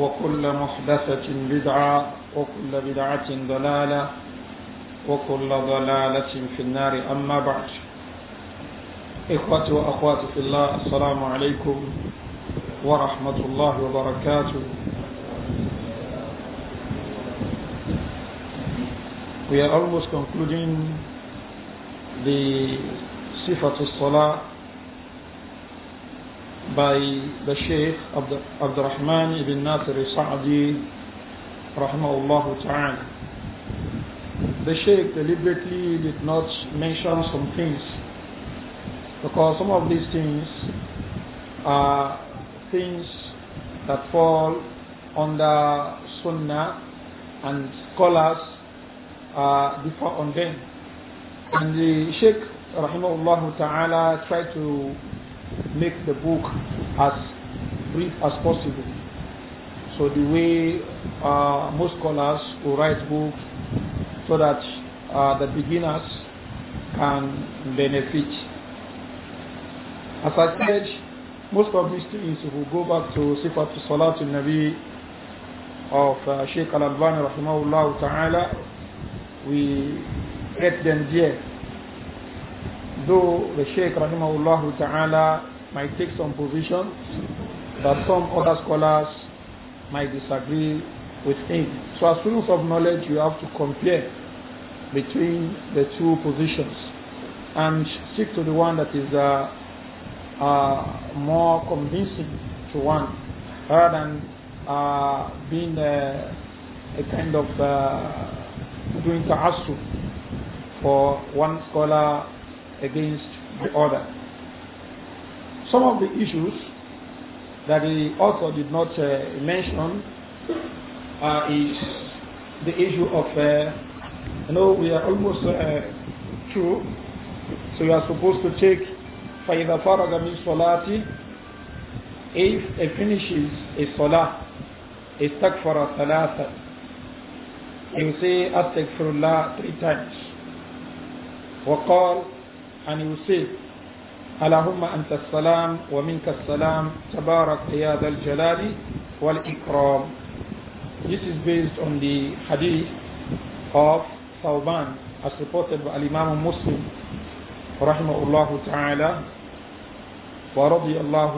وكل محدثة بدعة وكل بدعة ضلالة وكل ضلالة في النار أما بعد إخوتي وأخواتي في الله السلام عليكم ورحمة الله وبركاته We are almost concluding the Sifat al-Salah by the Shaykh Abd, Rahman ibn Nasir Sa'di rahmahullah ta'ala. The Shaykh deliberately did not mention some things because some of these things are things that fall under Sunnah and scholars uh, differ on them. And the Sheikh rahimahullah ta'ala tried to make the book as brief as possible. So the way uh, most scholars will write books so that uh, the beginners can benefit. As I said, most of these students will go back to Sifat Salat Nabi of uh, Sheikh Al Albani rahimahullah ta'ala. We get them there. Though the Sheikh rahimahullah ta'ala might take some position that some other scholars might disagree with him. So as students of knowledge, you have to compare between the two positions and stick to the one that is uh, uh, more convincing to one rather than uh, being a, uh, a, kind of uh, doing ta'assub for one scholar against the other some of the issues that he also did not uh, mention uh, is the issue of, uh, you know, we are almost uh, through. So you are supposed to take فَإِذَا فَرَغَ مِنْ صَلَاتِ If it finishes a salah, استغفر ثلاثة He will say أستغفر الله three times. وقال and he will say اللهم أنت السلام ومنك السلام تبارك يا ذا الجلال والإكرام This is based on the hadith of Thawban as reported by Imam Muslim رحمه الله تعالى ورضي الله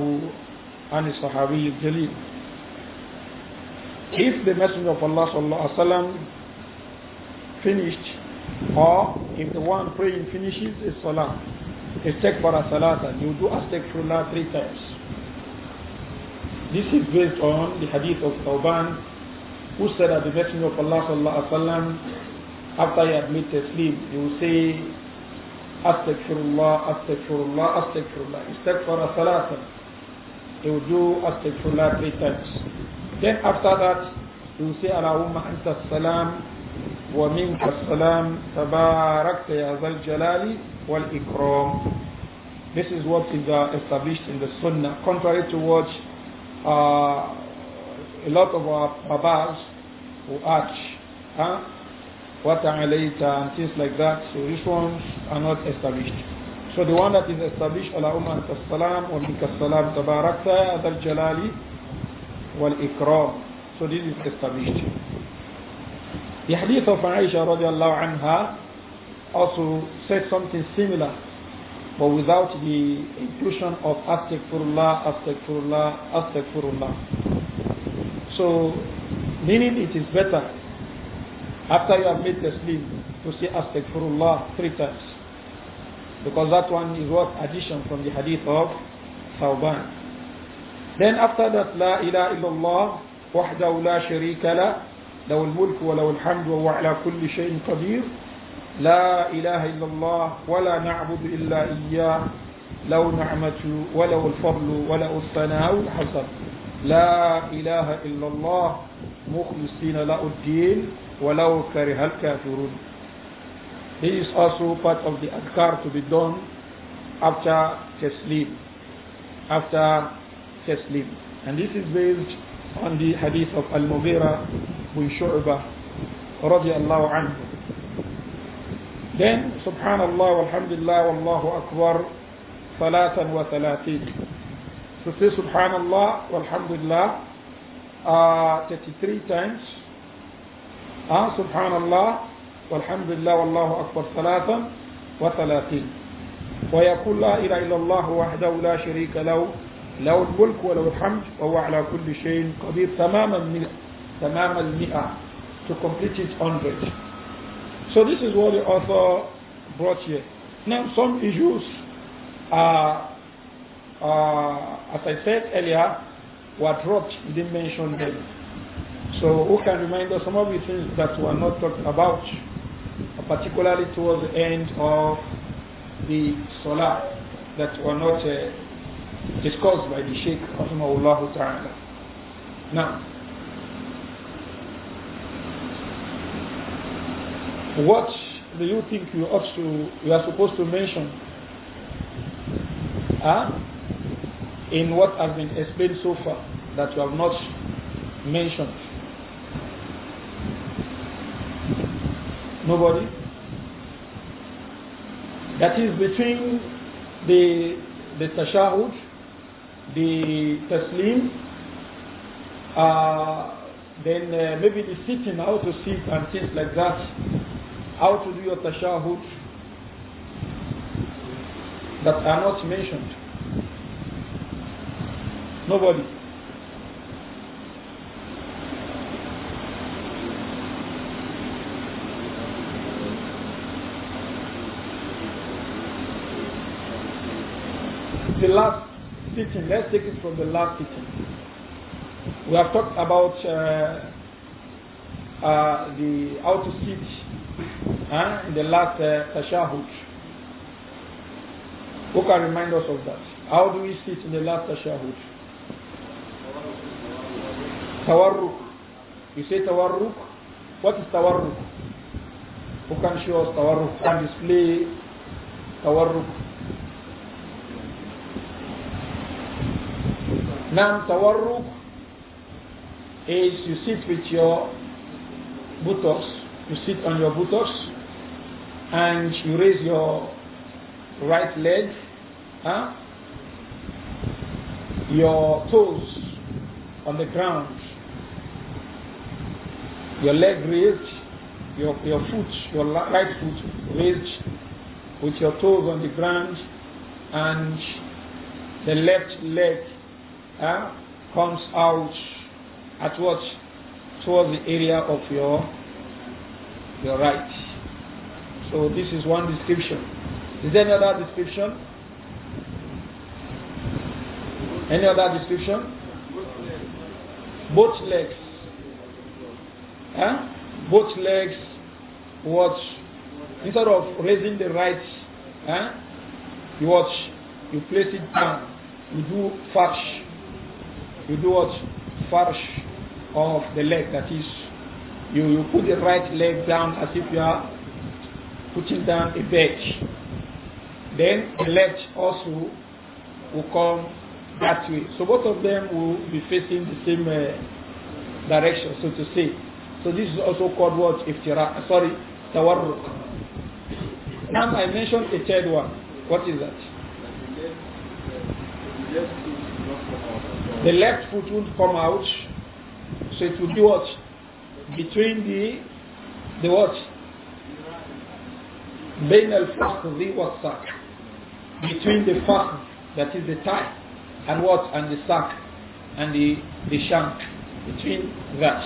عن الصحابي الجليل If the Messenger of Allah صلى الله عليه وسلم finished or if the one praying finishes his salah Istighfar salatan. You do astaghfirullah three times. This is based on the hadith of Tawban, who said at the Messenger of Allah sallallahu alaihi wasallam, after he had made taslim, he will say, Astaghfirullah, Astaghfirullah, Astaghfirullah. Istighfar salatan. He will do Astaghfirullah three times. Then after that, he will say, Allahumma anta salam ومنك السلام تبارك يا ذا الجلال والإكرام This is what is uh, established in the Sunnah, contrary to what uh, a lot of our babas who arch, huh? what and things like that. So these ones are not established. So the one that is established, Allahumma anta salam wa minka salam tabarakta adal jalali wal ikram. So this is established. The hadith of Aisha radiallahu anha also said something similar, but without the inclusion of astaghfirullah, astaghfirullah, astaghfirullah. So, meaning it is better after you have made the sleep to say astaghfirullah three times. Because that one is what addition from the hadith of Thawban. Then after that, La ilaha illallah, wahdahu la sharika la, له الملك وله الحمد وهو على كل شيء قدير لا إله إلا الله ولا نعبد إلا إياه لو نعمة ولو الفضل ولو الثناء الحسن لا إله إلا الله مخلصين لا الدين ولو كره الكافرون He is also part of the adhkar to be done after Taslim. After Taslim. And this is based عندي حديث المغيرة بن شعبة رضي الله عنه دين سبحان الله والحمد لله والله أكبر ثلاثا وثلاثين ستي سبحان الله والحمد لله آه 33 times آه سبحان الله والحمد لله والله أكبر ثلاثا وثلاثين ويقول لا إله إلا الله وحده لا شريك له له الملك وله الحمد وهو على كل شيء قدير تَمَامًا مِنْ تمام المئة to complete it 100 so this is what the author brought here now some issues are uh, as I said earlier were dropped we didn't mention them so who can remind us some of the things that were not talked about particularly towards the end of the solar that were not uh, is caused by the Sheikh Rahimahullah Ta'ala. Now, what do you think you ought to you are supposed to mention huh? in what has been explained so far that you have not mentioned? Nobody? That is between the the tashahud the taslim, uh, then uh, maybe the sitting, how to sit and things like that, how to do your tashahud that are not mentioned. Nobody. The last Let's take it from the last sitting. We have talked about uh, uh, the how to sit uh, in the last uh, tashahud. Who can remind us of that? How do we sit in the last tashahud? Tawarruk. You say tawarruk? What is tawarruk? Who can show us tawarruk? Can display tawarruk? Nam tawarruk is you sit with your buttocks, you sit on your buttocks and you raise your right leg, huh? your toes on the ground, your leg raised, your, your foot, your right foot raised with your toes on the ground and the left leg uh, comes out at what? Towards the area of your, your right. So this is one description. Is there any other description? Any other description? Both legs. Huh? Both legs watch. Instead of raising the right, huh? you watch. You place it down. You do fash you do what? Farsh of the leg, that is, you, you put the right leg down as if you are putting down a bed. Then the left also will come that way. So both of them will be facing the same uh, direction, so to say. So this is also called what? if sorry, tawarruk. Now I mentioned a third one. What is that? Uh, the left foot won't come out, so it will be what? Between the, the what? the الفخذ والساق between the فخذ that is the tie and what and the sack and the, the shank between that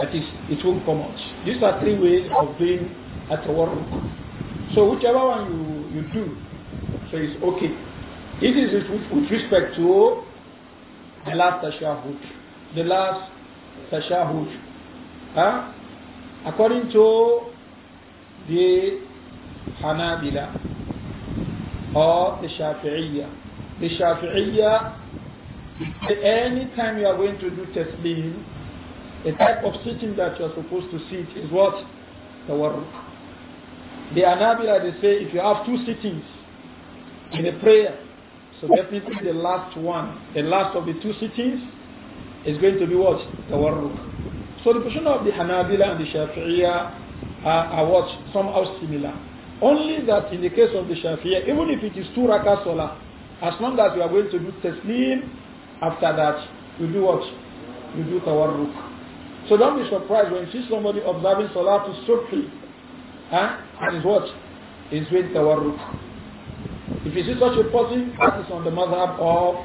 that is it won't come out these are three ways of doing at work so whichever one you, you do so it's okay it is with, with respect to the last tashahud. The last tashahud. Huh? According to the Hanabila or the Shafi'iyya. The Shafi'iyya, any time you are going to do taslim, the type of sitting that you are supposed to sit is what? The Tawarruk. The Hanabila, they say if you have two sittings in a prayer, so definitely the last one, the last of the two cities is going to be what? Tawarruk. So the position of the Hanabila and the Shafi'iyah are, are what? Somehow similar. Only that in the case of the Shafi'iyah, even if it is two rakah salah, as long as you are going to do taslim, after that, you do what? You do tawarruk. So don't be surprised when you see somebody observing salah to subhi, huh? and is what? Is with tawarruk. If you see such a person, that is on the mother of,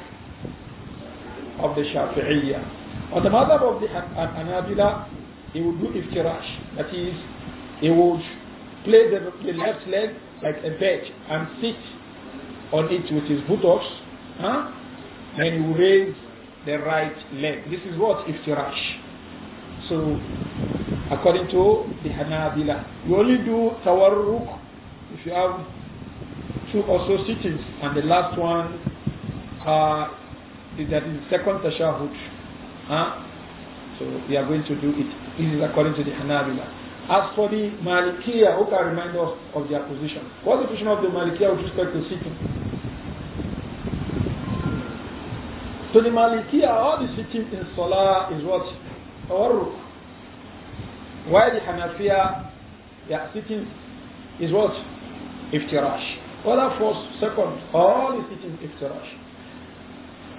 of the Shafi'iyya. On the mother of the Anabila, he would do iftirash. That is, he would play the, the left leg like a bed and sit on it with his buttocks. Huh? Then he would raise the right leg. This is what iftirash. So, according to the Hanabila, you only do tawarruk if you have two also cities, and the last one uh, is that is second tashahud. Huh? So we are going to do it. This is according to the Hanabila. As for the Malikiya, who can remind us of their position? What's the position of the Malikiya with respect to sitting? So the Malikiya, all the sitting in Salah is what? Or Why the Hanafiya, yeah, sitting is what? Iftirash. Whether first, second, all the sittings iftirash.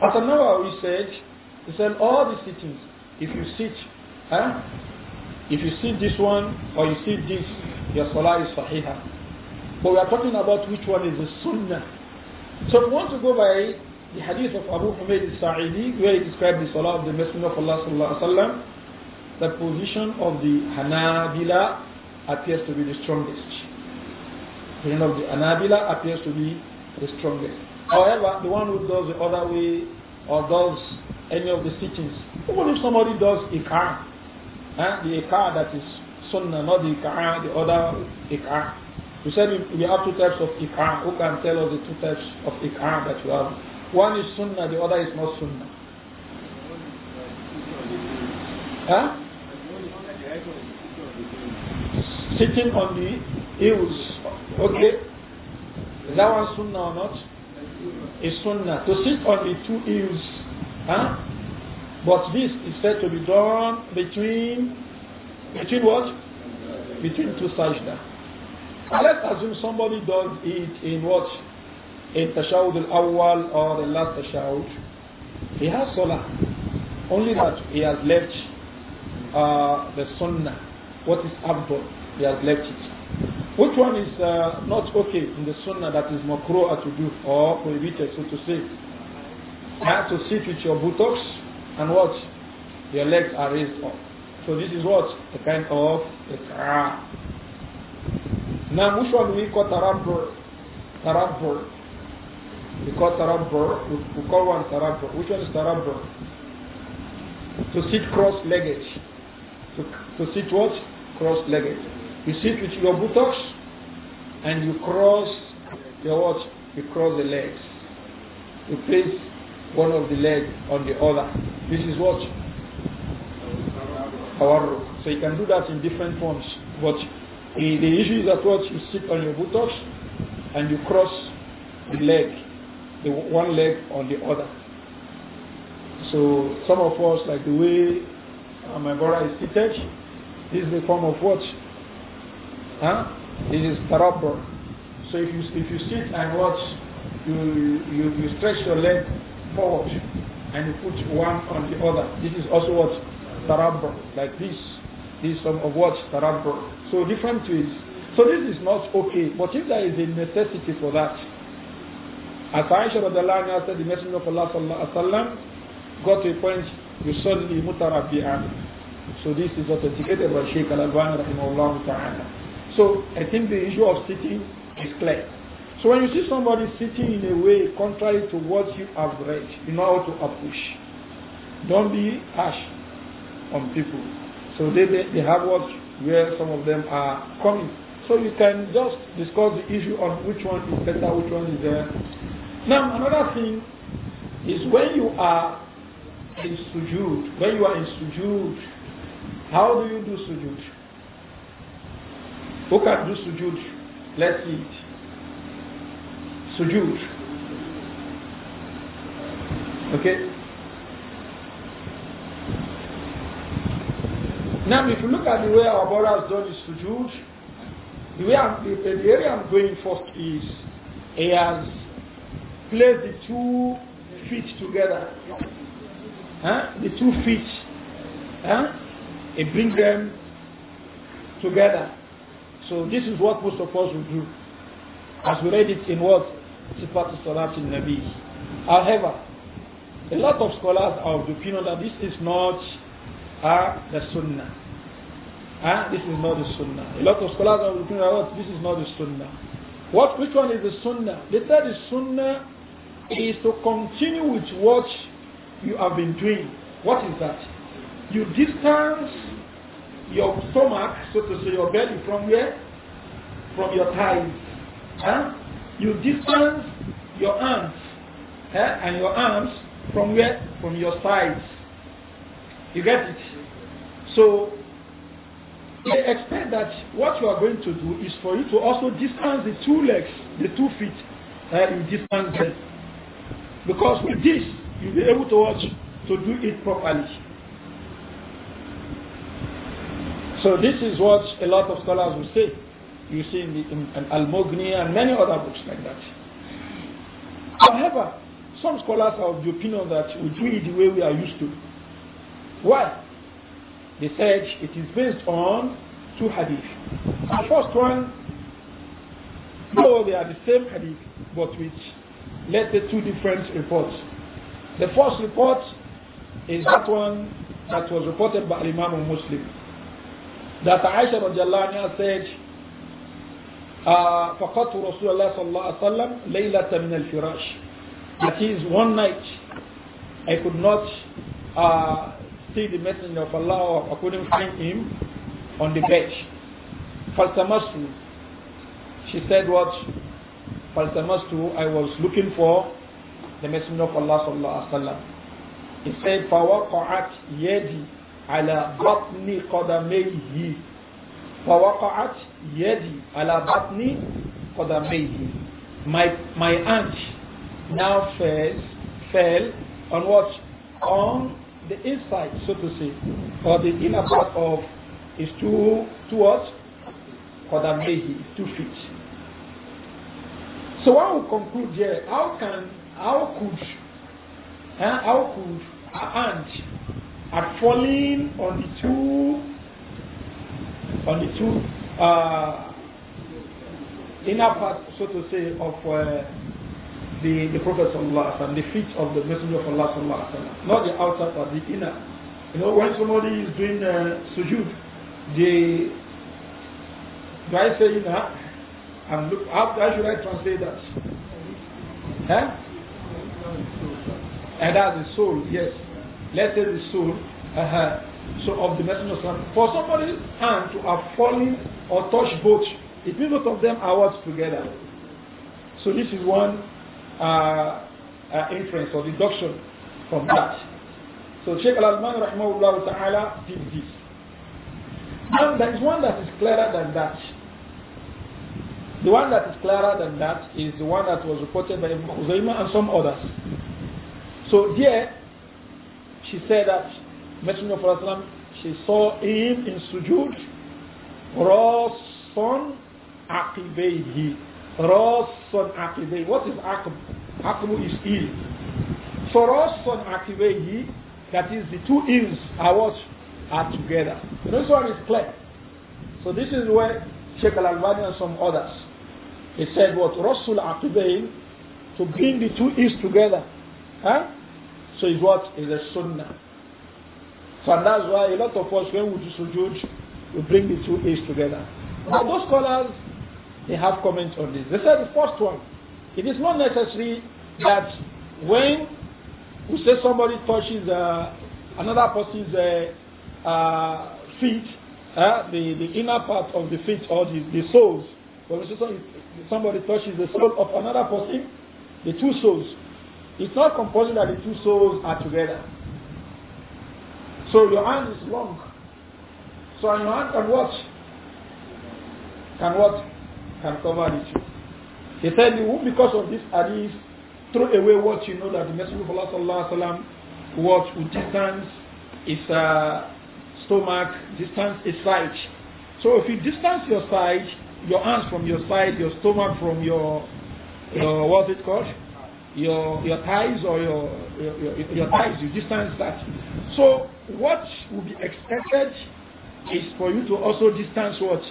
As an hour we said, he said all the sitting. if you sit, huh? Eh? if you sit this one or you sit this, your salah is sahiha. But we are talking about which one is the sunnah. So if we want to go by the hadith of Abu Hamid al-Sa'idi where he described the salah of the Messenger of Allah sallallahu alaihi wasallam, the position of the Hanabila appears to be the strongest opinion of the Anabila appears to be the strongest. However, the one who does the other way or does any of the teachings, even if somebody does car, eh, the car that is Sunnah, not the Ikah, the other Ikah. We said we have two types of Ikah. Who can tell us the two types of Ikah that you have? One is Sunnah, the other is not Sunnah. Huh? Sitting on the Heels. Okay. Is that one sunnah or not? It's sunnah. To sit on the two heels. Huh? But this is said to be done between between what? Between two sajda. Let's assume somebody does it in what? In tashawud al-awwal or the last tashawud. He has salah. Only that he has left uh, the sunnah. What is abdul? He has left it. Which one is uh, not okay in the sunnah that is makruh to do or prohibited, so to say? You have to sit with your buttocks and what? Your legs are raised up. So this is what? A kind of ikra. Now which one do we call tarabur? Tarabur. We call tarabur. We call one tarabur. Which one is tarabur? To sit cross-legged. To, to sit what? Cross-legged. You sit with your buttocks and you cross your what? You cross the legs. You place one of the leg on the other. This is what? Tawarruk. So you can do that in different forms. But the, the issue is that what? You sit on your buttocks and you cross the leg, the one leg on the other. So some of us, like the way uh, my brother is seated, this is a form of what? Huh? This is proper. So if you if you sit and watch, you you, you stretch your leg forward and you put one on the other. This is also what tarabur, like this. This is some of what tarabur. So different ways. So this is not okay. But if there is a necessity for that, as Aisha radiallahu said, the Messenger of Allah sallallahu alaihi wasallam got to a point, you suddenly mutarabi'an. So this is authenticated by Sheikh Al-Albani rahimahullah ta'ala. So I think the issue of sitting is clear. So when you see somebody sitting in a way contrary to what you have read, you know how to approach. Don't be harsh on people. So they, they, they have what where some of them are coming. So you can just discuss the issue on which one is better, which one is there. Now another thing is when you are in sujood, when you are in sujood, how do you do sujood? Look at do sujud. Let's see Sujud. Okay? Now, if you look at the way our brother has done his sujud, the, way I'm, the, the area I'm going first is he has placed the two feet together. Huh? The two feet. Huh? He brings them together. So this is what most of us will do. As we read it in what? Sifat Salat in Nabi. However, a lot of scholars are of the opinion that this is not uh, the Sunnah. Uh, this is not the Sunnah. A lot of scholars are of the opinion that this is not the Sunnah. What, which one is the Sunnah? They said the Sunnah is to continue with what you have been doing. What is that? You distance your stomach, so to say, your belly from where? From your thighs. Huh? You distance your arms huh? and your arms from where? From your sides. You get it? So they expect that what you are going to do is for you to also distance the two legs, the two feet, uh, you distance them. Because with this, you'll be able to watch to do it properly. So this is what a lot of scholars will say. You see in, the, in, in Al-Mughni and many other books like that. However, some scholars are of the opinion that we do it the way we are used to. Why? They said it is based on two hadith. The first one, though they are the same hadith, but with, let's say, two different reports. The first report is that one that was reported by Imam Muslim that Aisha radiallahu anha said, uh, فَقَطْتُ رَسُولَ اللَّهِ صَلَّى اللَّهُ عَلَيْهِ وَسَلَّمَ لَيْلَةً مِنَ الْفِرَاشِ That is, one night I could not uh, see the messenger of Allah or I couldn't find him on the bed. فَالْتَمَسْتُ She said what? فَالْتَمَسْتُ I was looking for the messenger of Allah صلى الله عليه وسلم. He said, فَوَقَعَتْ يَدِي على بطن قدميه فوقعت يدي على بطن قدميه my my aunt now fell fell on what on the inside so to say or the inner part of his two two what قدميه two feet so I will conclude here how can how could uh, how could a aunt had fallen on the two, on the two uh, inner part, so to say, of uh, the, the Prophet and the feet of the Messenger of Allah, not the outer part, the inner. You know, when somebody is doing uh, sujood, the do I say inner? And look, how, how should I translate that? Huh? And that's the soul, yes let's say the soul, uh, so of the Messenger of Islam. For somebody's hand to have fallen or touched both, it means both of them are what together. So this is one uh, uh, inference or deduction from that. So Sheikh Azman rahimahullah ta'ala did this. And there is one that is clearer than that. The one that is clearer than that is the one that was reported by Ibn Khuzaymah and some others. So there, she said that Messenger of Allah, she saw him in sujud, Rasan Aqibayhi. Rasan Aqibayhi. What is Aqb? Aqb is ill. So Rasan Aqibayhi, that is the two ills are what? Are together. And this one is clear. So this is where Sheikh Al-Albani and some others, he said what? Rasul Aqibayhi, to bring the two ills together. Huh? So it's what? It's a sunnah. So and that's why a lot of us, when we do sujood, we bring the two A's together. Now those scholars, they have comments on this. They said the first one, it is not necessary that when we say somebody touches uh, another person's uh, uh, feet, uh, the, the inner part of the feet or the, the soles, when somebody touches the sole of another person, the two soles, it's not compulsory that the two souls are together. So your hand is long. So your hand can what? Can what? Can cover the two. He said, you won't because of this hadith throw away what you know that the Messenger of Allah sallam, what would distance is uh, stomach, distance is side. So if you distance your side, your hands from your side, your stomach from your, your what's it called? your your ties or your your, your, ties, you distance that. So what will be expected is for you to also distance what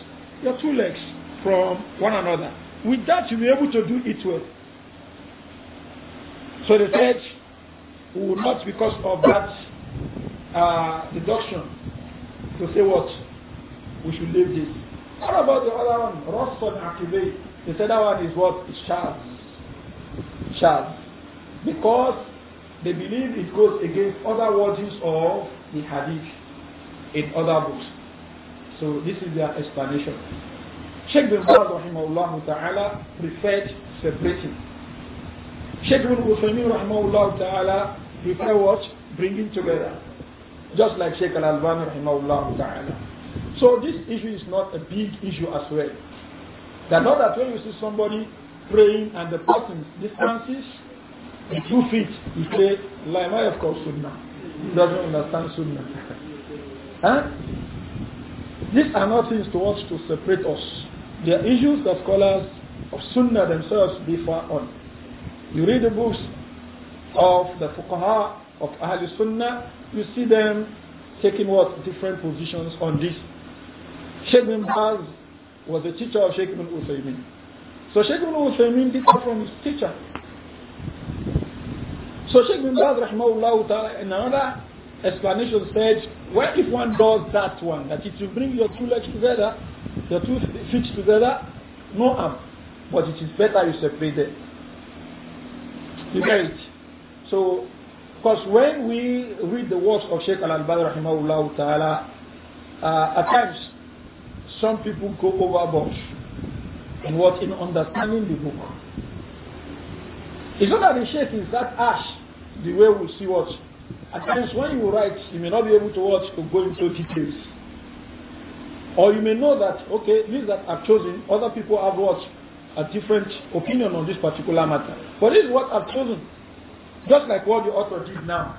your two legs from one another. With that, you'll be able to do it well. So the third will not, because of that uh, deduction, to say what we should leave this. What about the other one? Rosson Akive. They The that one is what is charged shad because they believe it goes against other words of the hadith in other books. So this is their explanation. Sheikh bin Baz rahimahullah ta'ala preferred separating. Sheikh bin Uthaymeen rahimahullah ta'ala preferred what? Bringing together. Just like Sheikh al-Albani rahimahullah ta'ala. So this issue is not a big issue as well. That not that when you see somebody praying and the person's distances, the two feet, you say, "Why of course Sunnah. He doesn't understand Sunnah. huh? These are not things to watch to separate us. They are issues that scholars of Sunnah themselves differ on. You read the books of the Fuqaha of Ahl Sunnah, you see them taking what different positions on this. Sheikh bin Baz was a teacher of Sheikh bin Uthaymin. So Sheikh Ibn Uthaymeen did that from his teacher. So Sheikh Ibn Baz rahmahullah ta'ala in another explanation said, what if one does that one, that it will bring your two legs together, your two feet together, no harm. But it is better you separate You get it? So, because when we read the words of Sheikh Al-Albani rahimahullah ta'ala, uh, at times some people go overboard in what? In understanding the book. It's not that the shape is that ash, the way we see what. At times when you write, you may not be able to watch to go into details. Or you may know that, okay, these that I've chosen, other people have watched A different opinion on this particular matter. But this is what I've chosen. Just like what the author did now.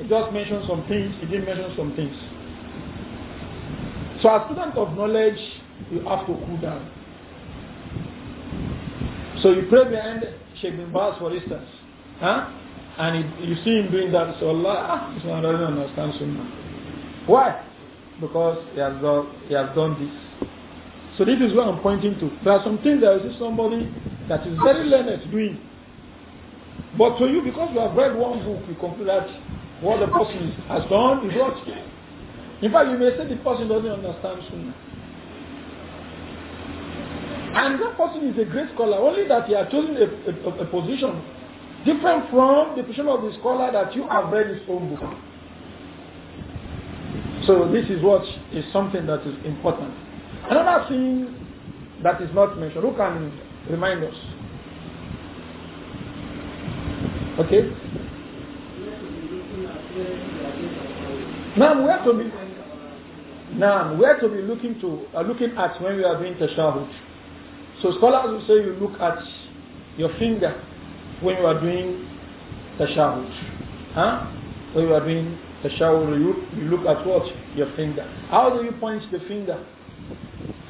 He just mentioned some things, he didn't mention some things. So as student of knowledge, you have to cool down. So you pray behind Sheikh bin Baz, for instance, huh? and you see him doing that, so Allah he's not, doesn't understand Sunnah. Why? Because he has, done, he has done this. So this is what I'm pointing to. There are some things that see somebody that is very learned doing. But to you, because you have read one book, you conclude that what the person has done is what. In fact, you may say the person doesn't understand Sunnah. And that person is a great scholar, only that he has chosen a, a, a position different from the position of the scholar that you have read his own book. So this is what is something that is important. Another thing that is not mentioned, who can remind us? Okay? Now we have to be now we have to be looking to uh, looking at when we are doing tashahud. So scholars will say you look at your finger when you are doing tashahud. Huh? When you are doing tashahud, you, you look at what? Your finger. How do you point the finger?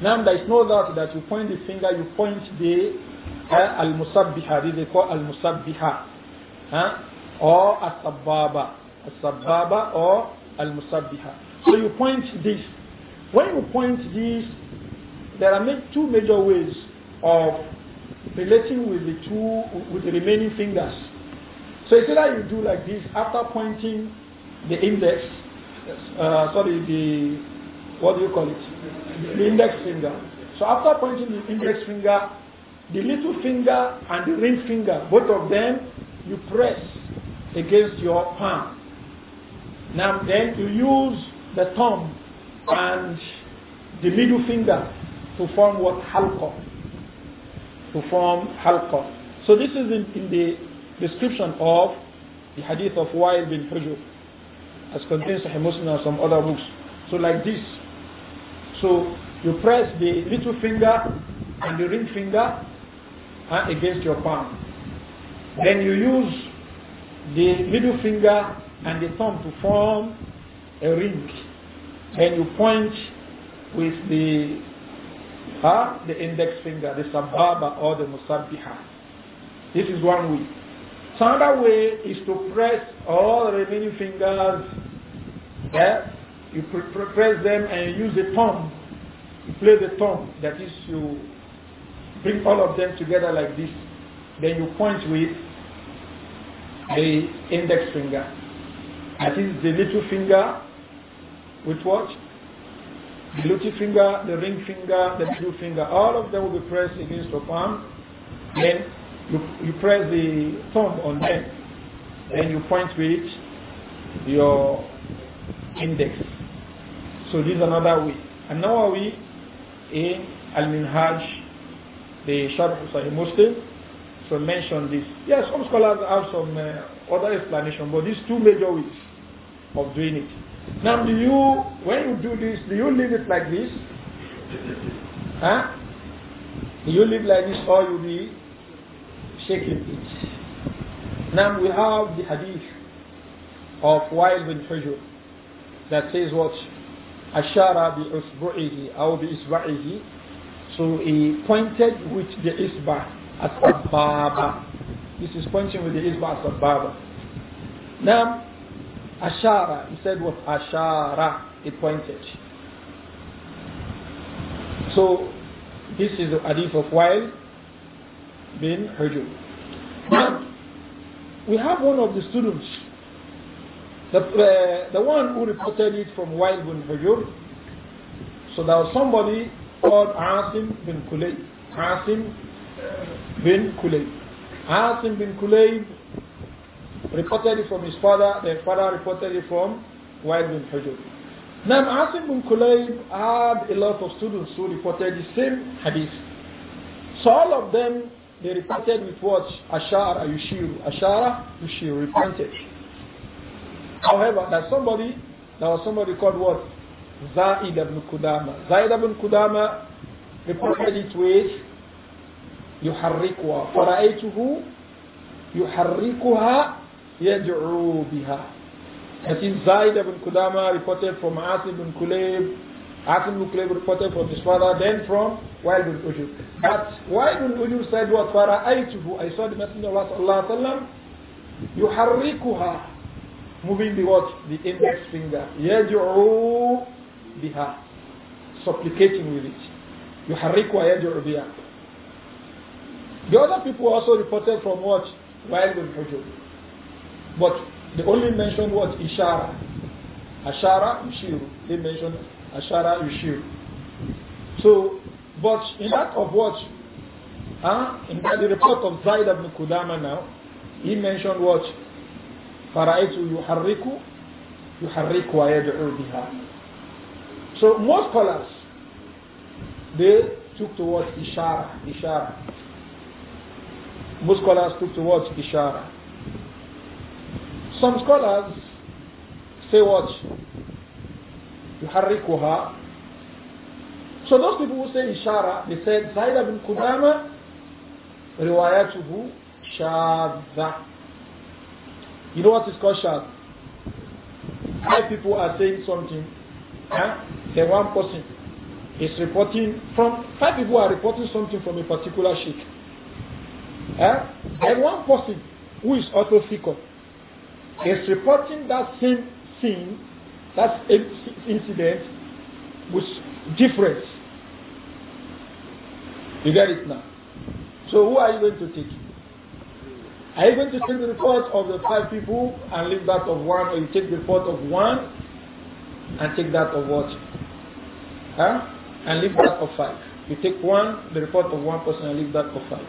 Now there is no doubt that you point the finger, you point the eh, al-musabbiha, they call al-musabbiha. Huh? Or as-sabbaba. As-sabbaba or al-musabbiha. So you point this. When you point this, there are two major ways of relating with the two, with the remaining fingers. So it's either you do like this after pointing the index, uh, sorry, the, what do you call it? The index finger. So after pointing the index finger, the little finger and the ring finger, both of them, you press against your palm. Now then you use the thumb and the middle finger to form what halqa to form halqa. So this is in, in the description of the hadith of Wa'il bin Hujr as contained in Muslim and some other books. So like this. So you press the little finger and the ring finger uh, against your palm. Then you use the middle finger and the thumb to form a ring. Then you point with the huh? the index finger, the sababa or the musabbiha. This is one way. So another way is to press all the remaining fingers. Yeah? You press them and use the thumb. You play the thumb. That is, you bring all of them together like this. Then you point with the index finger. That is the little finger with what? The little finger, the ring finger, the middle finger, all of them will be pressed against your palm. Then you, you press the thumb on them. Then you point with your index. So this is another way. And now we in Al-Minhaj, the Sharif Sahih Muslim, so mention this. Yes, some scholars have some uh, other explanation, but these two major ways of doing it. Now, do you, when you do this, do you leave it like this? Huh? Do you leave like this or you be shaking it? Now, we have the hadith of Wa'il bin Hujr that says what? Ashara bi usbu'ihi or bi isba'ihi. So he pointed with the isba as a baba. This is pointing with the isba as a baba. Now, Ashara. He said what? Ashara. He pointed. So this is the hadith of Wail bin Hujub. Now, we have one of the students, the, uh, the one who reported it from Wail bin Hujub. So there was somebody called Asim bin Kulay, Asim bin Kulay, Asim bin Kulay reported it from his father, the father reported it from Wa'il bin Hujr. Now Asim bin Kulayb had a lot of students who reported the same hadith. So all of them, they reported with what? Ashara Yushiru. Ashara Yushiru reported. However, that somebody, there was somebody called what? Zaid ibn Kudama. Zaid ibn Kudama reported it with يحركها فرأيته يحركها يدعو بها That is Zaid ibn Kudama reported from Asim bin Kulayb, Asim bin Kulayb reported from his father, then from Wa'il bin Ujur. But Wa'il bin Ujur said, what fara'aytuhu, I saw the Messenger of Allah sallallahu you wa sallam, yuharrikuha, moving the what? The index finger. Yaj'u biha. Supplicating with it. You wa yaj'u biha. The other people also reported from what? Wild bin Hujur. But they only mentioned what? Ishara. Ashara, Yushiru. They mentioned Ashara, Yushiru. So, but in that of what? Huh? In that, the report of Zaid ibn Kudama now, he mentioned what? Faraitu yuharriku, yuharriku wa yad'u biha. So most scholars, they took towards Ishara, Ishara. Most scholars took towards Ishara. Some scholars say what? يحركها So those people who say ishara, they said Zaid bin Qudama riwayatuhu shadha. You know what is called shadha? Five people are saying something, huh? then one person is reporting from, five people are reporting something from a particular sheikh. Huh? and one person who is also fickle is reporting that same thing, that incident, with difference. You get it now? So who are you going to take? Are you going to take the report of the five people and leave that of one, or you take the report of one and take that of what? Huh? And leave that of five. You take one, the report of one person, and leave that of five.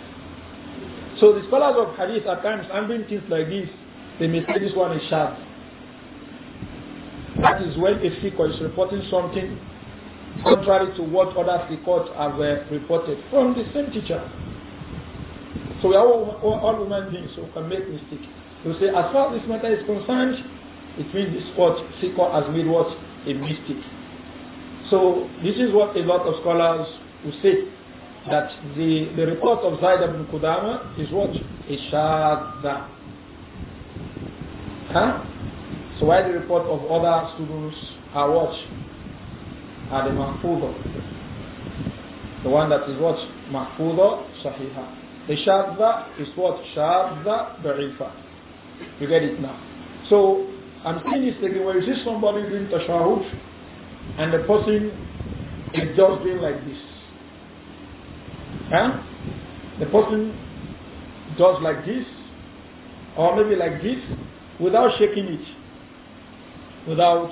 So the scholars of hadith at times handling things like this they may say this one is sharp. That is when a seeker is reporting something contrary to what other seekers have uh, reported from the same teacher. So we are all, all, all human beings who can make mistakes. You say, as far as this matter is concerned, it means this what seeker has made what a mistake. So this is what a lot of scholars will say that the, the report of Zaid ibn Qudama is what? A shadda. Huh? So why the report of other students are watch? Are the mahfuda. The one that is watch Mahfuda sahiha. The shadda is what? Shadda da'ifa. You get it now. So I'm still mistaken when you see somebody doing tashahud and the person is just doing like this. Huh? The person does like this or maybe like this without shaking it. Without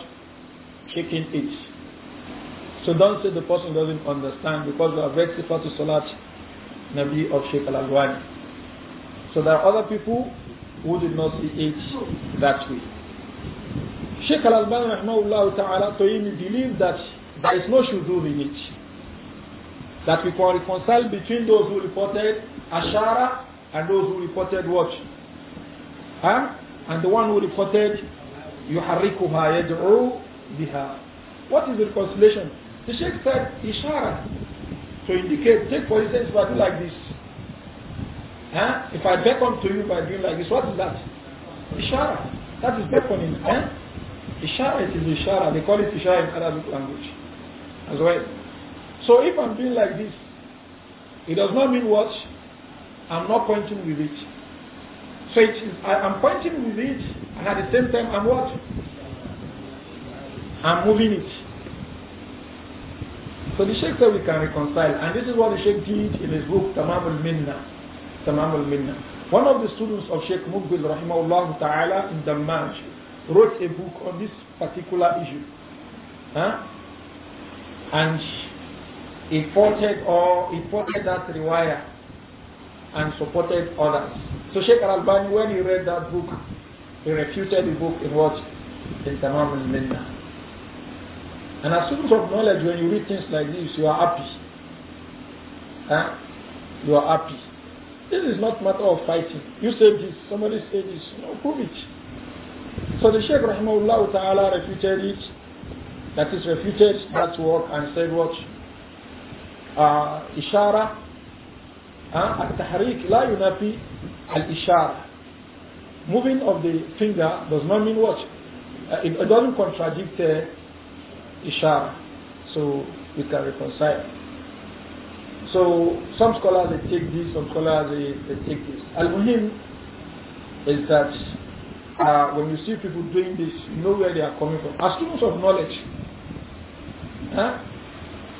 shaking it. So don't say the person doesn't understand because we have read Sifatu Salat Nabi of Sheikh Al Agwani. So there are other people who did not see it that way. Sheikh Al Albani Rahmahullah Ta'ala to him believed that there is no shudur in it. That we can reconcile between those who reported Ashara and those who reported what? Huh? And the one who reported, يحركها يدعو بها. What is the reconciliation? The Sheikh said, Ishara, to indicate, take for instance, if I do like this, huh? if I beckon to you by doing like this, what is that? Ishara. That is beckoning. Huh? Eh? Ishara, it is Ishara. They call it Ishara in Arabic language as well. So if I'm doing like this, it does not mean what? I'm not pointing with it. So it is, I, am pointing with it, and at the same time, I'm what? I'm moving it. So the Sheikh said we can reconcile, and this is what the Sheikh did in his book Tamamul al Minna. Tamamul al Minna. One of the students of Sheikh Mugbil rahimahullah ta'ala in Damaj wrote a book on this particular issue. Huh? And he quoted or he quoted that rewire and supported others. So Sheikh Al-Albani, when he read that book, he refuted the book in what? In Tamam al-Minna. And as soon as of knowledge, when you read things like this, you are happy. Huh? You are happy. This is not matter of fighting. You say this, somebody said this, No, prove it. So the Sheikh Rahimahullah Ta'ala refuted it, that is refuted that work and said what? Uh, ishara التحريك لا ينافي الإشارة moving of the finger does not mean what uh, it, doesn't contradict إشارة, uh, so we can reconcile so some scholars they take this some scholars they, they take this Al-Muhim is that uh, when you see people doing this you know where they are coming from as students of knowledge huh?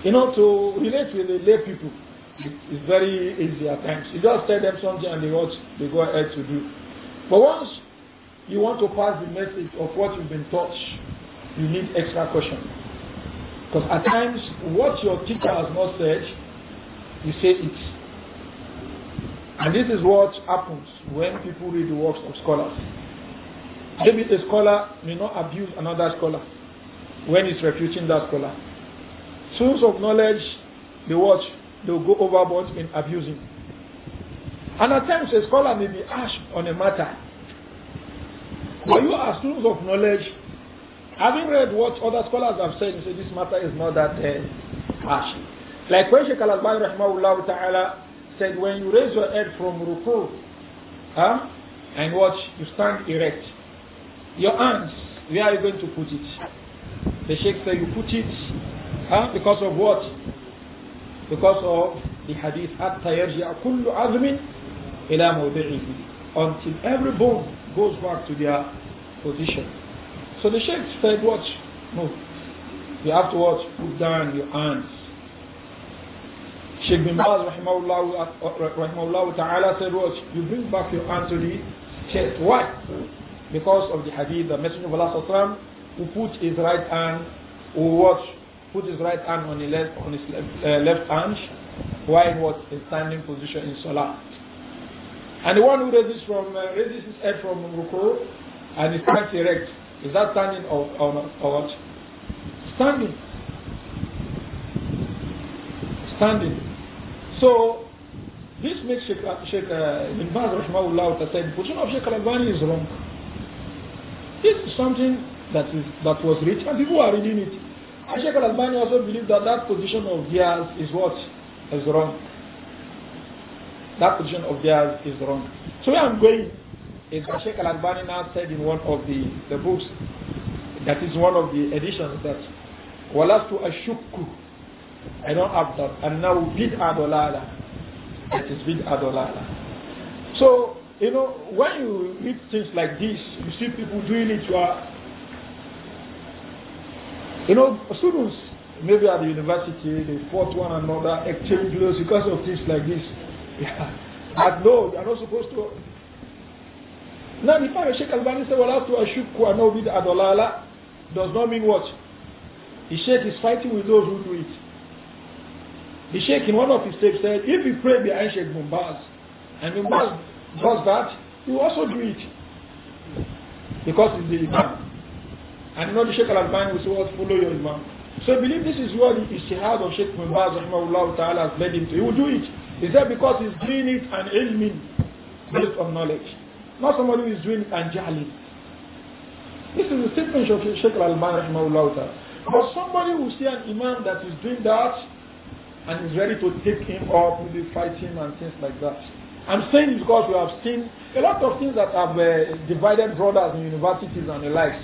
you know to relate with the lay people it's very easy at times. You just tell them something and they watch, they go ahead to do. But once you want to pass the message of what you've been taught, you need extra caution. Because at times, what your teacher has not said, you say it. And this is what happens when people read the works of scholars. Maybe a scholar may not abuse another scholar when he's refuting that scholar. Source of knowledge, they watch they'll go overboard in abusing. And at times a scholar may be asked on a matter. But you are students of knowledge. Having read what other scholars have said, you say this matter is not that uh, harsh. Like when Sheikh Al-Azbari rahmahullah ta'ala said, when you raise your head from ruku, huh, and watch, you stand erect. Your hands, where are you going to put it? The Sheikh said, you put it huh, because of what? because of the hadith حتى يرجع كل عظم إلى موضعه until every bone goes back to their position. So the Sheikh said, watch, No. You have to watch, put down your hands. Sheikh bin Baz rahimahullah, ta'ala said, watch, you bring back your hand to the chest. Why? Because of the hadith, the Messenger of Allah who put his right hand, who watch put his right hand on his left, on his left, uh, left hand while he was in standing position in Salah. And the one who raises, from, uh, raises his head from Ruku and is stands erect, is that standing or, or, or what? Standing. Standing. So, this makes Sheikh, uh, Sheikh uh, Ibn Baz Rahmahullah say the position of Sheikh Al-Albani is wrong. This is something that, is, that was written, and people are reading it. And Sheikh al-Albani also believed that that position of theirs is what? Is wrong. That position of theirs is wrong. So where I'm going is that Sheikh al-Albani now said in one of the, the books, that is one of the editions that Walastu Ashukku. I don't have that. And now bid adolala. It is bid adolala. So, you know, when you read things like this, you see people doing it, you are you know, students, maybe at the university, they fought one another, exchange blows because of things like this. Yeah. But no, you are not supposed to. Now, the fact that Sheikh Albani said, well, to Ashukku and Ovid Adolala does not mean what? The Sheikh is fighting with those who do it. The Sheikh in one of his tapes said, if you pray behind Sheikh Mumbaz, and Mumbaz does that, you also do it. Because it's the Imam. And not the Sheikh Al-Albani will say, what, follow your Imam. So I believe this is what the Ishtihad of Sheikh Mumbaz ta'ala has led him to. He will do it. Is that because he's doing it and aiming, based on knowledge? Not somebody who is doing it and jahli. This is the statement of Sheikh Al-Albani ta'ala. But somebody will see an imam that is doing that and is ready to take him up, maybe fight him and things like that. I'm saying this because we have seen a lot of things that have uh, divided brothers in universities and the likes.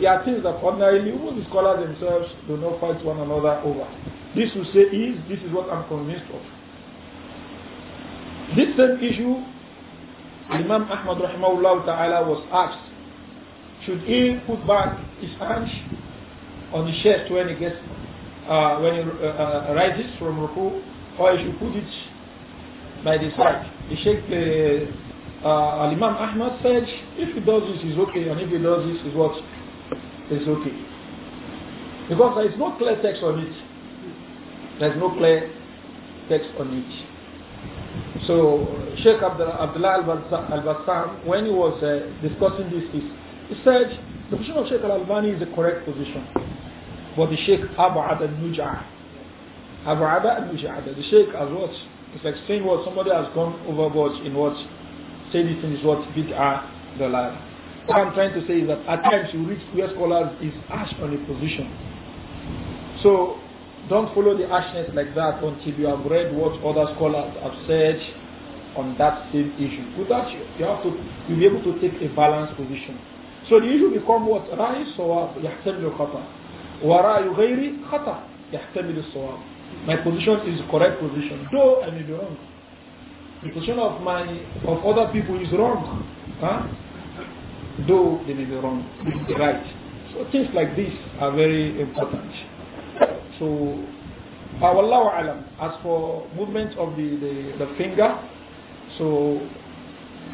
There are things that ordinarily even the scholars themselves do not fight one another over. This will say is, this is what I'm convinced of. This same issue, Imam Ahmad rahimahullah ta'ala was asked, should he put back his hands on his chest when he gets, uh, when he uh, uh, rises from ruku, or he should put it by the side. The Sheikh uh, uh, Imam Ahmad said, if he does this, he's okay, and if he does this, he's what it's okay. Because there is no clear text on it. There is no clear text on it. So Sheikh Abdullah al-Bassam, when he was uh, discussing this, he said, the position of Sheikh al-Albani is the correct position. But the Sheikh Abu'ad al Abu Abu'ad al-Nuj'a, the Sheikh has what? It's like saying what somebody has gone overboard in what? say this in his what? Bid'ah, the liar. What I'm trying to say is that at times you reach where scholars is ash on a position. So don't follow the ashness like that until you have read what other scholars have said on that same issue. With that, you have to you'll be able to take a balanced position. So the issue become what رأي الصواب يحتمل الخطأ ورأي غيري خطأ يحتمل الصواب. My position is the correct position, though I may be wrong. The position of my of other people is wrong. Huh? though they may be wrong, they be right. So things like this are very important. So, our Wallahu alam. As for movement of the, the, the finger, so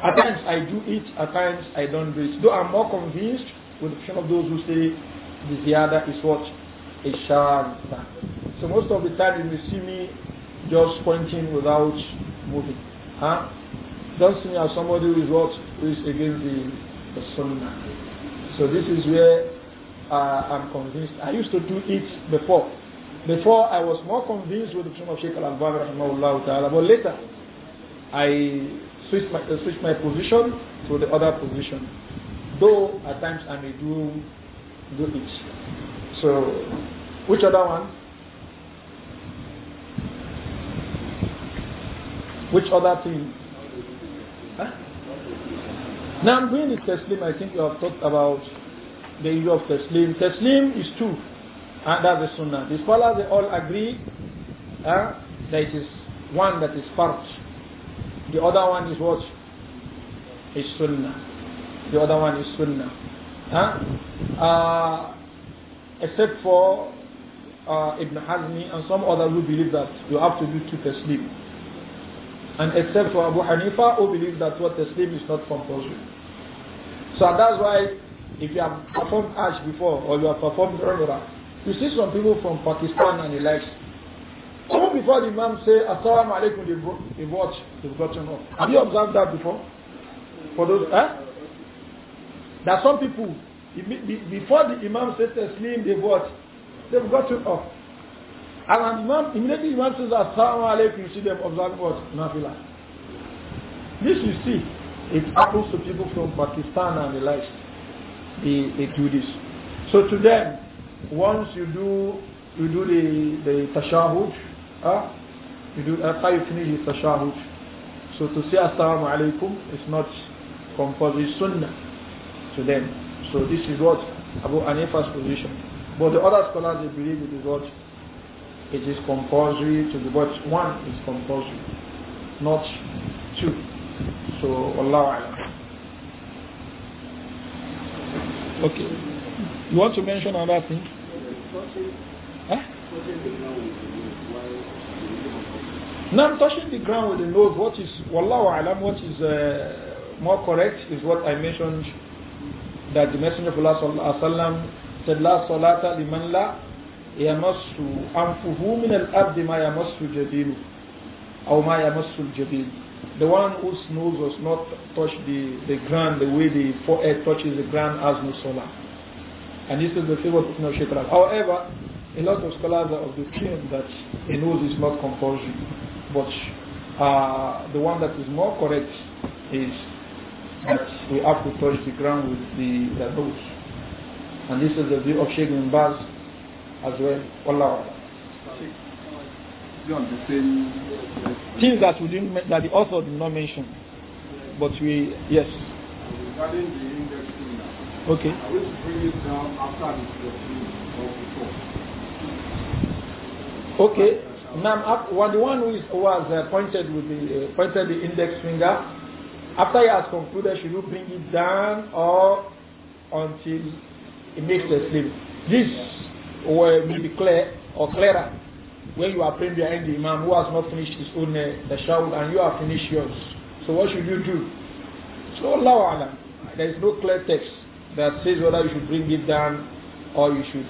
at times I do it, at times I don't do it. Though I'm more convinced with some of those who say the ziyada is what? A So most of the time you will see me just pointing without moving. Huh? Don't see me as somebody who is what? Who is against the the sunnah. So this is where uh, I'm convinced. I used to do it before. Before I was more convinced with the Sunnah of Sheikh Al-Albani ta'ala, but later I switched my, uh, switched my position to the other position. Though at times I may do, do it. So, which other one? Which other thing now, during the teslim, I think you have talked about the issue of teslim. Teslim is two, and that's the Sunnah. The scholars, they all agree uh, that it is one that is part. The other one is what? Is Sunnah. The other one is Sunnah. Huh? Uh, except for uh, Ibn Hazmi and some others who believe that you have to do two teslim. And except for Abu Hanifa who believe that what teslim is not compulsory. So that's why if you have performed Hajj before or you have performed Umrah, you see some people from Pakistan and the likes. Even before the Imam say Assalamu alaikum, they watch, they've gotten off. Have you observed that before? For those, eh? are some people, before the Imam says Taslim, they've watched, they've gotten off. And the Imam, immediately Imam says Assalamu alaikum, you see them observe what? Nafila. This you see. It happens to people from Pakistan and the like. They, they do this. So to them, once you do you do the the tashahud, huh? you do after you finish the tashahud. So to say assalamu alaikum is not compulsory sunnah to them. So this is what Abu Anifa's position. But the other scholars they believe it is what it is compulsory to the but one is compulsory, not two. So Allah. Okay. You want to mention another thing? Huh? Now touching the ground with the nose, what is Wallahu alam, what is uh, more correct is what I mentioned that the Messenger of Allah sallallahu alaihi wasallam said la salata liman la yamassu anfuhu min al-abdi ma yamassu jadilu or ma yamassu al-jadil the one whose nose was not touch the, the ground the way the forehead touches the ground has no solar. And this is the favorite of Sheikh However, a lot of scholars are of the opinion that a nose is not compulsory. But uh, the one that is more correct is that we have to touch the ground with the, the nose. And this is the view of Sheikh Bin as well. Allah. Things that we didn't that the author did not mention, but we yes. Regarding the indexing now. Okay. I will bring it down after the Okay. Now, well, the one who is, was uh, pointed with the uh, pointed the index finger, after he has concluded, should you bring it down or until it makes a slip? This will be clear or clearer when you are praying behind the imam who has not finished his own uh, eh, shawl and you have finished yours. So what should you do? So Allah Alam, there is no clear text that says whether you should bring it down or you should.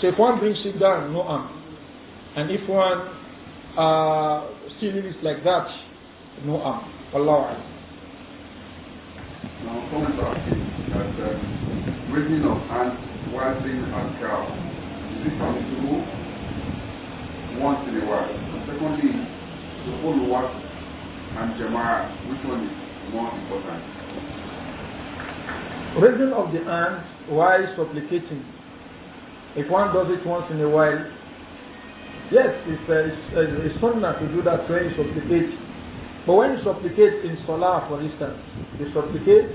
So if one brings it down, no harm. And if one uh, still is like that, no harm. Allah Alam. Now, some that um, uh, raising of hands while saying Azkar, is it possible wants to be And Secondly, the whole work and Jama'ah, which one is more important? Raising of the hands while supplicating. If one does it once in a while, yes, it's, uh, it's, uh, it's sunnah to do that when you supplicate. But when you supplicate in Salah, for instance, you supplicate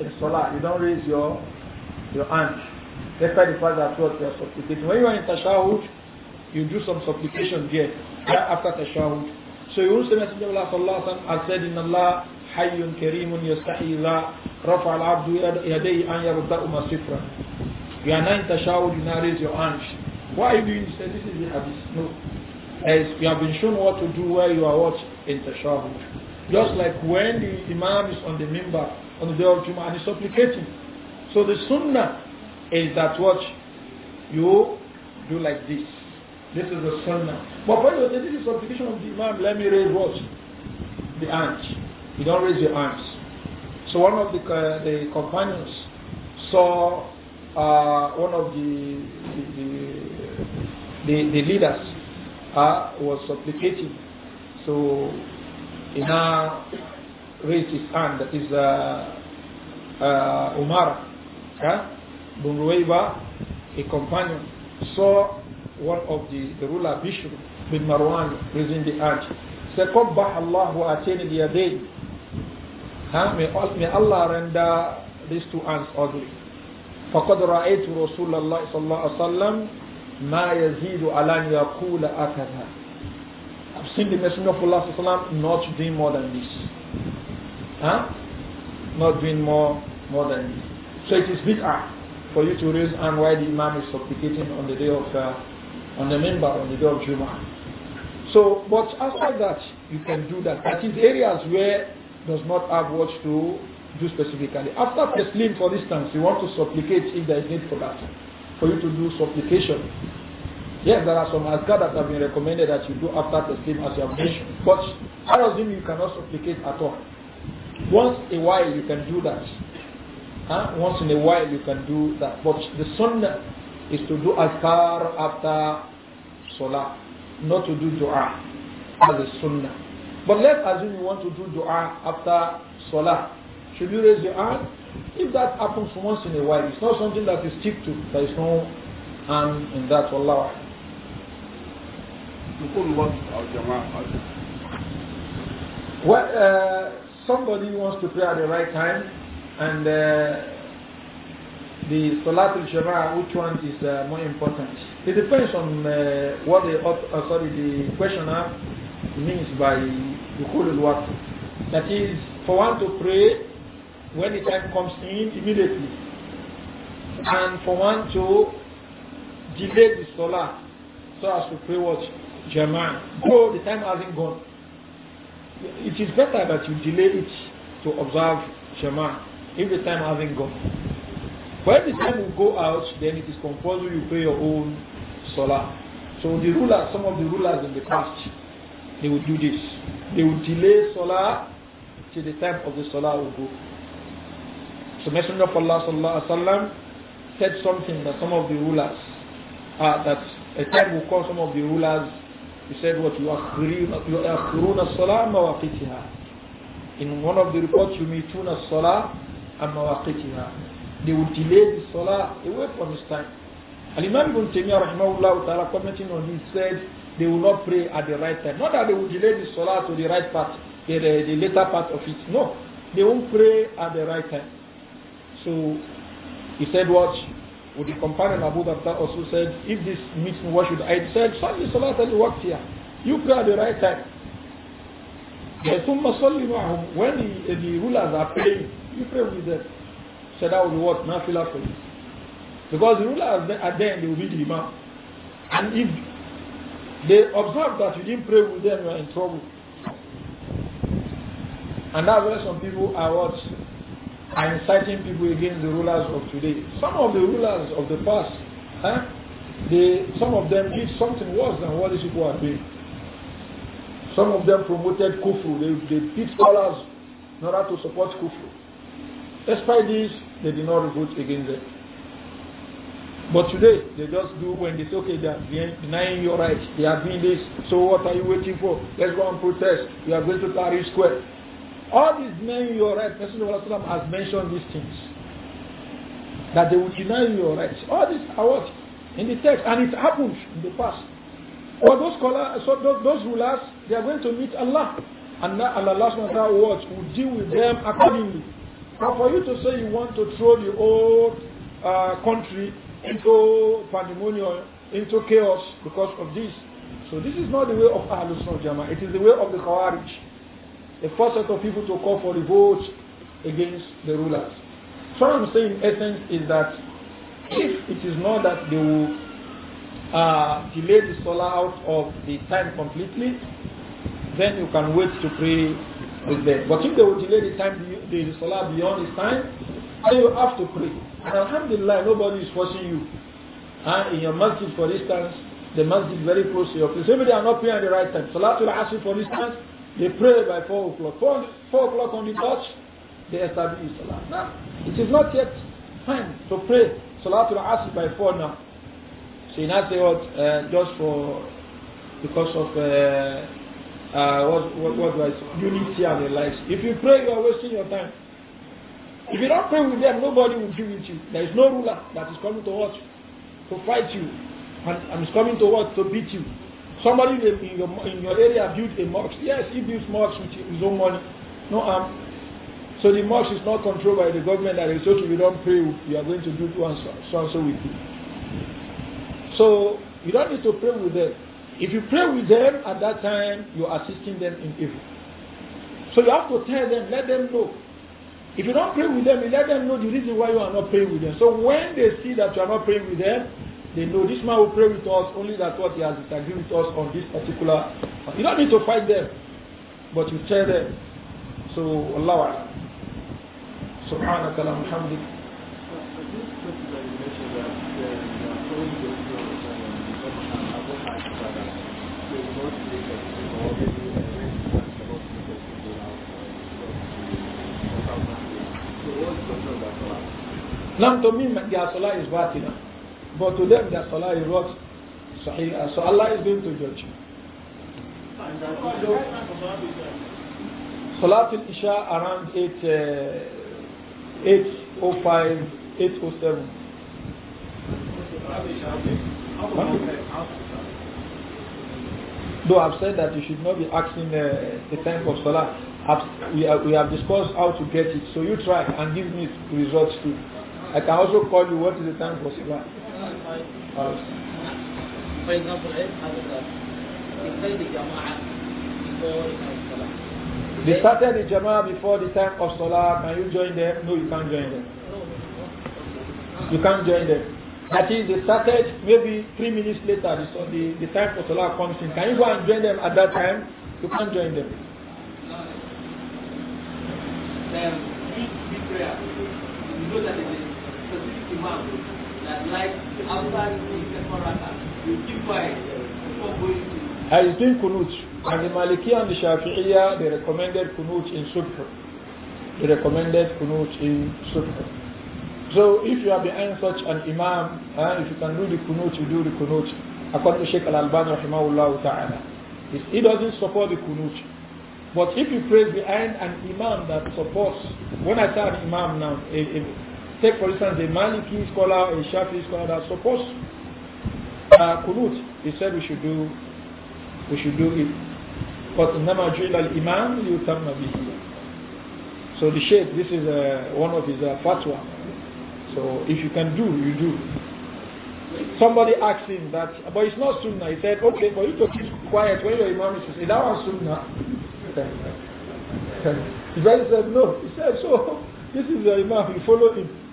in Salah, you don't raise your your hand. Despite the fact that what you are supplicating. When you are in Tashahud, you do some supplication there right after tashahud. So you will say Messenger of Allah has said in Allah hayyun karimun yastahi Rafal rafa al-abdu yadayhi an yabda'u masifra. You are not in tashahud, you now raise your hands. Why are you doing this? This is the hadith. No. As you have been shown what to do where you are what in tashahud. Just like when the Imam is on the member on the day of Juma and he's supplicating. So the sunnah is that what you do like this. This is the sunnah. But when you say this is supplication of the Imam, let me raise what? The hands. You don't raise your hands. So one of the, uh, the companions saw uh, one of the the, the, the leaders uh, was supplicating. So he now raised his hand. That is uh, uh, Umar, uh, a companion, saw one of the, the ruler Bishr bin Marwan raising the arch. Taqabbah Allahu the biyadayn. Huh? May, may Allah render these two hands ugly. فقد رأيت رسول الله صلى الله عليه وسلم ما يزيد على أن يقول أكذا I've seen the Messenger of Allah صلى الله عليه وسلم not doing more than this. Huh? Not doing more, more than this. So it is bid'ah for you to raise and why the Imam is supplicating on the day of uh, on the member on the day of So, but after that, you can do that. That is areas where does not have what to do specifically. After Taslim, for instance, you want to supplicate if there is need for that, for you to do supplication. Yes, there are some azkar that have been recommended that you do after Taslim as you have mentioned, but I assume you cannot supplicate at all. Once a while you can do that. Huh? Once in a while you can do that. But the sunnah is to do azkar after salah, not to do dua as a sunnah. But let's assume you want to do dua after salah. Should you raise your hand? If that happens once in a while, it's not something that you stick to. There is no harm in that. Allah. Well, uh, somebody wants to pray at the right time and uh, the Salatul Jama'ah, which one is uh, more important? It depends on uh, what the, uh, sorry, the questioner means by Dukul al That is, for one to pray when the time comes in immediately, and for one to delay the Salah so as to pray what? Jama'ah. Though the time hasn't gone. It is better that you delay it to observe Jama'ah if the time hasn't gone. When the time will go out, then it is compulsory you pay your own solar. So the rulers, some of the rulers in the past, they would do this. They would delay solar till the time of the solar will go. So Messenger of Allah sallallahu alaihi wasallam said something that some of the rulers, uh, that a time will come, some of the rulers, he said what you are يؤخرون الصلاة مواقيتها. In one of the reports, you meet يميتون الصلاة عن مواقيتها they would delay the salah away from his time. And Imam Ibn Taymiyyah rahimahullah ta'ala commenting on this said they will not pray at the right time. Not that they will delay the salah to the right part, the, the, the later part of it. No. They won't pray at the right time. So he said what? With the companion Abu Bakr also said, if this meets me, what should I the said, that you al here. You pray at the right time. When the, the rulers are praying, you pray with them. So that will be what? Nafila for you. Because the ruler at then they will be the imam. And if they observe that you didn't pray with them, you are in trouble. And that's where some people are what? Are inciting people against the rulers of today. Some of the rulers of the past, huh? they, some of them did something worse than what these people are doing. Some of them promoted kufu. They, they beat scholars in order to support kufu. Despite this, they did not revolt against them. But today, they just do when they say, okay, they are denying your rights, they are doing this, so what are you waiting for? Let's go and protest. We are going to Tahrir Square. All these denying your rights, Messenger of Allah has mentioned these things. That they will deny your rights. All these are what? In the text, and it happened in the past. All those scholars, so those, those rulers, they are going to meet Allah. And Allah subhanahu will deal with them accordingly. Now, for you to say you want to throw the whole uh, country into pandemonium, into chaos because of this. So this is not the way of our Sunnah Jama. It is the way of the Khawarij. The first set of people to call for revolt against the rulers. So what I'm saying in essence is that if it is not that they will uh, delay the solar out of the time completely, then you can wait to pray with them. But if they will delay the time the, the salah beyond his time, then you have to pray. And alhamdulillah, nobody is forcing you. Uh, in your masjid, for instance, the masjid very close to your place. Maybe they are not praying at the right time. Salatul Asr, for instance, they pray by 4 o'clock. 4, 4 o'clock on the dot, they establish Salah. Now, it is not yet time to pray Salatul Asr by 4 now. So you other words, uh, just for, because of uh, uh, what, what, do I say? Unity and the likes. If you pray, you are wasting your time. If you don't pray with them, nobody will be with you. There is no ruler that is coming to what? To fight you. And, and is coming to what? To beat you. Somebody in your, in your area built a mosque. Yes, he built mosques with his own money. No harm. so the mosque is not controlled by the government that is okay, if we don't pray, we are going to do so and so, so and so with you. So you don't need to pray with them. If you pray with them at that time, you are assisting them in evil. So you have to tell them, let them know. If you don't pray with them, you let them know the reason why you are not praying with them. So when they see that you are not praying with them, they know this man will pray with us only that what he has disagreed with us on this particular. You don't need to fight them, but you tell them. So Allah. سبحانك اللهم وبحمدك Lam to me, their salah is batina. But to them their salah is what? Uh, so Allah is going to judge you. Salat al-Isha around 8, uh, 805, 807. Though I've said that you should not be asking uh, the time of Salah. we, we have discussed how to get it. So you try and give me results too. I can also call you. What is the time for Salah? For example, They started the Jama'ah before the time of Salah. Can you join them? No, you can't join them. You can't join them. That is, they started maybe three minutes later, so the, the time for Salah comes in. Can you go and join them at that time? You can't join them. Um, prayer. You know that it is specific imam that like outside the second raka, keep quiet before going to. I still kunut. And the Maliki and the Shafi'iyya, they recommended kunut in subh. They recommended kunut in subh. So if you are behind such an imam, uh, if you can do the kunut, you do the kunut. According to Sheikh Al-Albani rahimahullah ta'ala. He doesn't support the kunut. But if you pray behind an imam that supports, when I say an imam now, a, a, Take for instance a Maliki scholar or a Shafi scholar that suppose uh, He said we should do we should do it. But Nama al Imam Yutamna So the Sheikh, this is uh, one of his uh, fatwa. So if you can do, you do. Somebody asked him that, but it's not Sunnah. He said, okay, but you to keep quiet when your Imam is saying, that was Sunnah. the brother said, no. He said, so this is your Imam, you follow him.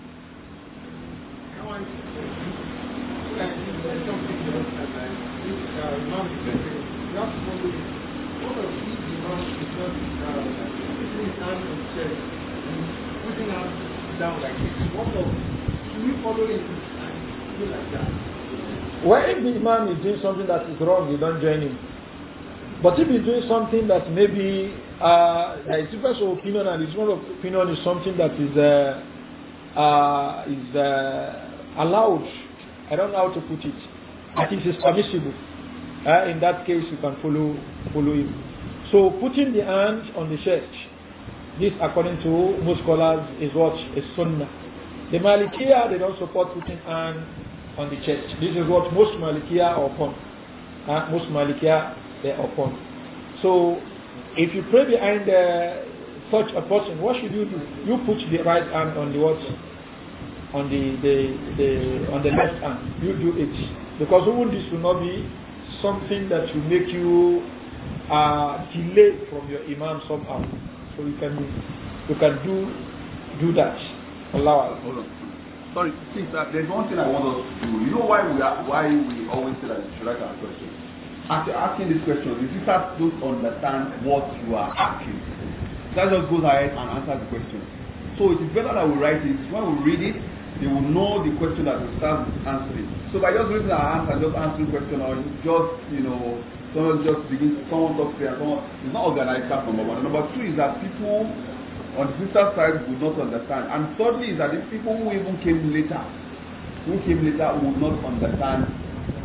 Well, if the imam is doing something that is wrong, you don't join him. But if he's doing something that maybe uh, there is difference opinion, and his own opinion is something that is uh, uh, is uh, allowed I don't know how to put it. think it is permissible. Uh, in that case, you can follow follow him. So putting the hand on the chest, this according to most scholars is what is sunnah. The Malikiya they don't support putting hand on the chest. This is what most Malikiya are upon. Uh, most Malikiya they are upon. So if you pray behind uh, such a person, what should you do? You put the right hand on the what on the, the, the, on the left hand. You do it. Because even this will not be something that will make you uh, delay from your imam somehow. So you can, you can do, do that. Allah Hold on. Sorry, please, uh, there's one thing I want us to do. You know why we, are, why we always say that you should ask questions? After asking this question, if visitors don't understand what you are asking. That just goes ahead and answers the question. So it is better that we write it. When we read it, they will know the question that they start answering. So by just raising our hands and just answering question or just, you know, someone just begins, someone talks prayer, someone, it's not organized, that's number one. Number two is that people on the sister side would not understand. And thirdly is that if people who even came later, who came later would not understand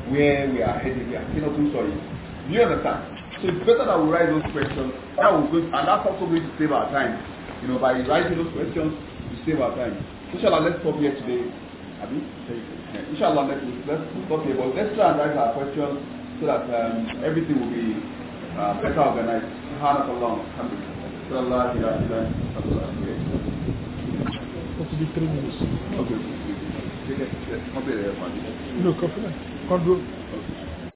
where we are headed. We are you know, too sorry. Do you understand? So it's better that we write those questions. That we're go and that's also going to save our time. You know, by writing those questions, we save our time. Inshallah, let's stop here today. Abi? Inshallah, let's, let's stop here. But let's try and write our questions so that um, everything will be uh, better organized. SubhanAllah. Alhamdulillah. That will be three minutes. Okay. No, confident. Can't do